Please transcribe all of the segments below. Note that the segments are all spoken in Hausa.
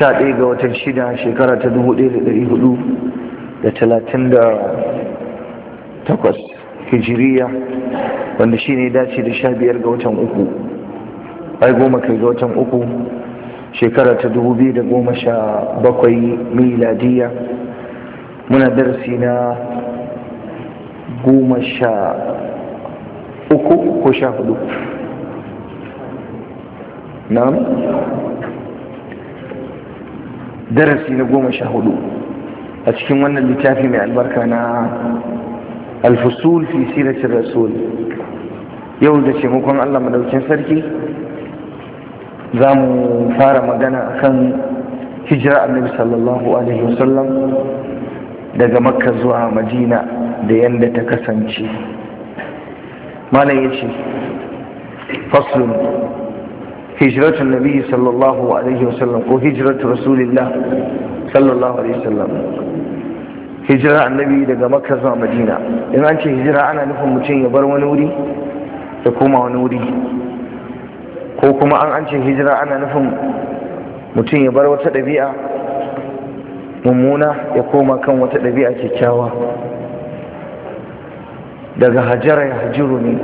11 ga watan shida shekara ta 1438 hijiriya wanda shi ne dace da 15 ga watan 3 ai goma kai ga watan 3 shekara ta 2017 miladiya muna darsi na 13 ko sha na'am darasi na goma sha hudu a cikin wannan littafi mai albarka na alfusul fi siratin rasul yau da taimakon allah madaukin sarki za mu fara magana akan hijira annabi sallallahu alaihi wasallam daga makka zuwa madina da yadda ta kasance malam ya ce faslun هجرة النبي صلى الله عليه وسلم وهجرة رسول الله صلى الله عليه وسلم daga Makka zuwa Madina in an ce hijira ana nufin mutum ya bar wani wuri ya koma wani wuri ko kuma an an ce hijira ana nufin mutum ya bar wata ɗabi'a mummuna ya koma kan wata ɗabi'a kyakkyawa daga hajara ya hajiru ne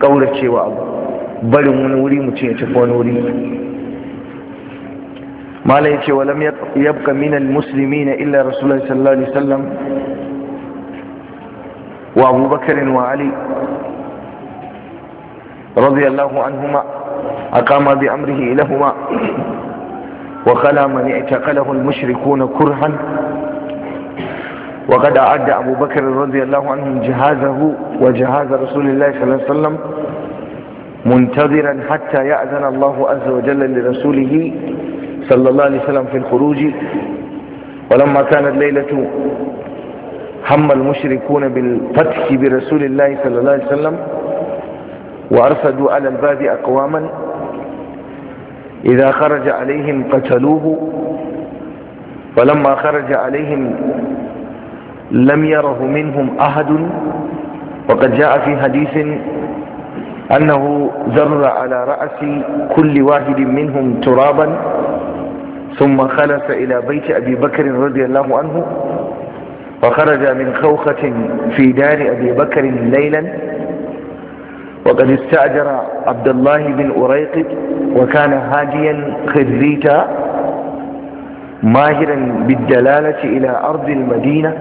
ƙauracewa abu barin wani wuri mutum ya tafi wani wuri mala ya ce walam yabka minal musulmi na illa rasulun sallallahu alaihi sallam wa abubakarin wa ali radiyallahu anhuma aqama bi amrihi ilahuma وخلا من اعتقله المشركون كرها وقد أعد أبو بكر رضي الله عنه جهازه وجهاز رسول الله صلى الله عليه وسلم منتظرا حتى يأذن الله عز وجل لرسوله صلى الله عليه وسلم في الخروج ولما كانت ليلة هم المشركون بالفتح برسول الله صلى الله عليه وسلم وأرصدوا على الباب أقواما إذا خرج عليهم قتلوه فلما خرج عليهم لم يره منهم أحد وقد جاء في حديث أنه ذر على رأس كل واحد منهم ترابا ثم خلف إلى بيت أبي بكر رضي الله عنه وخرج من خوخة في دار أبي بكر ليلا وقد استأجر عبد الله بن أريق وكان هاديا خريتا ماهرا بالدلالة إلى أرض المدينة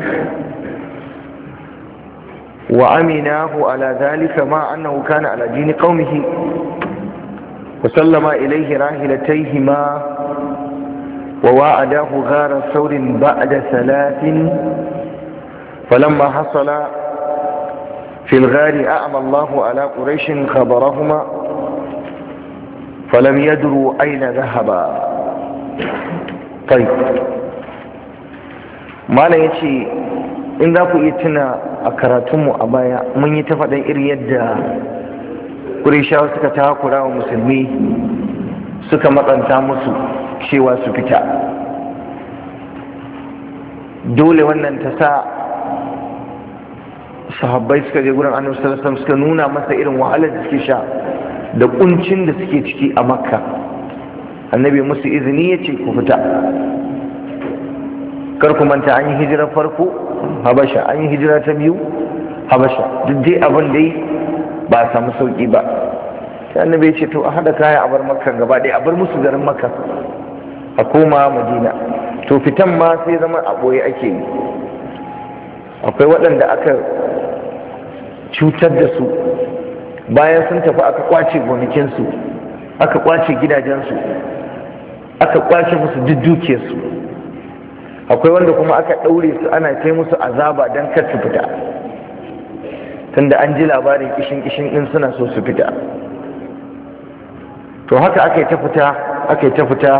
وعمناه على ذلك مع أنه كان على دين قومه وسلم إليه راهلتيهما وواعداه غار ثور بعد ثلاث فلما حصل في الغار أعمى الله على قريش خبرهما فلم يدروا أين ذهبا طيب ما يتي إن ذاكو يتنا a karatunmu a baya mun yi ta faɗin iri yadda ƙurishawa suka takura wa musulmi suka matsanta musu cewa su fita dole wannan ta sa sahabbai suka je gurin annabi sallallahu suka nuna masa irin wahalar da suke sha da kuncin da suke ciki a makka annabi musu izini ya ce ku fita kar ku manta an yi hijirar farko habasha an yi hijira ta biyu habasha duk dai abin dai ba a samu sauki ba sai annabi ce to a hada kaya a bar makka gaba dai a bar musu garin makka a koma madina to fitan ma sai zama a ɓoye ake yi akwai waɗanda aka cutar da su bayan sun tafi aka kwace gonakinsu aka kwace gidajensu aka kwace musu duk dukiyarsu akwai wanda kuma aka ɗaure su ana kai musu azaba don kar su fita tunda an ji labarin kishin kishin ɗin suna so su fita to haka aka yi ta fita aka yi ta fita